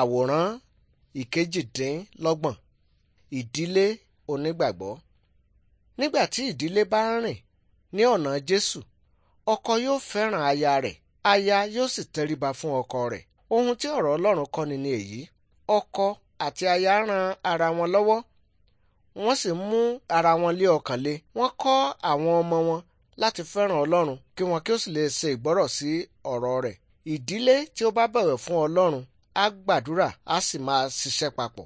àwòrán ìkejìdínlọ́gbọ̀n ìdílé onígbàgbọ́ nígbà tí ìdílé bá ń rìn ní ọ̀nà jésù ọkọ yóò fẹ́ràn aya rẹ̀ aya yóò sì tẹríba fún ọkọ rẹ̀ ohun tí ọ̀rọ̀ ọlọ́run kọ́ni ni èyí ọkọ àti aya ran ara wọn lọ́wọ́ wọ́n sì mú ara wọn lé ọkàn le wọ́n kọ́ àwọn ọmọ wọn láti fẹ́ràn ọlọ́run kí wọn kí ó sì lè ṣe ìgbọ́rọ̀ sí ọ̀rọ̀ rẹ̀ ìdílé tí ó bá bọ̀wẹ̀ fún ọlọ́run á gbàdúrà á sì máa ṣiṣẹ́ papọ̀.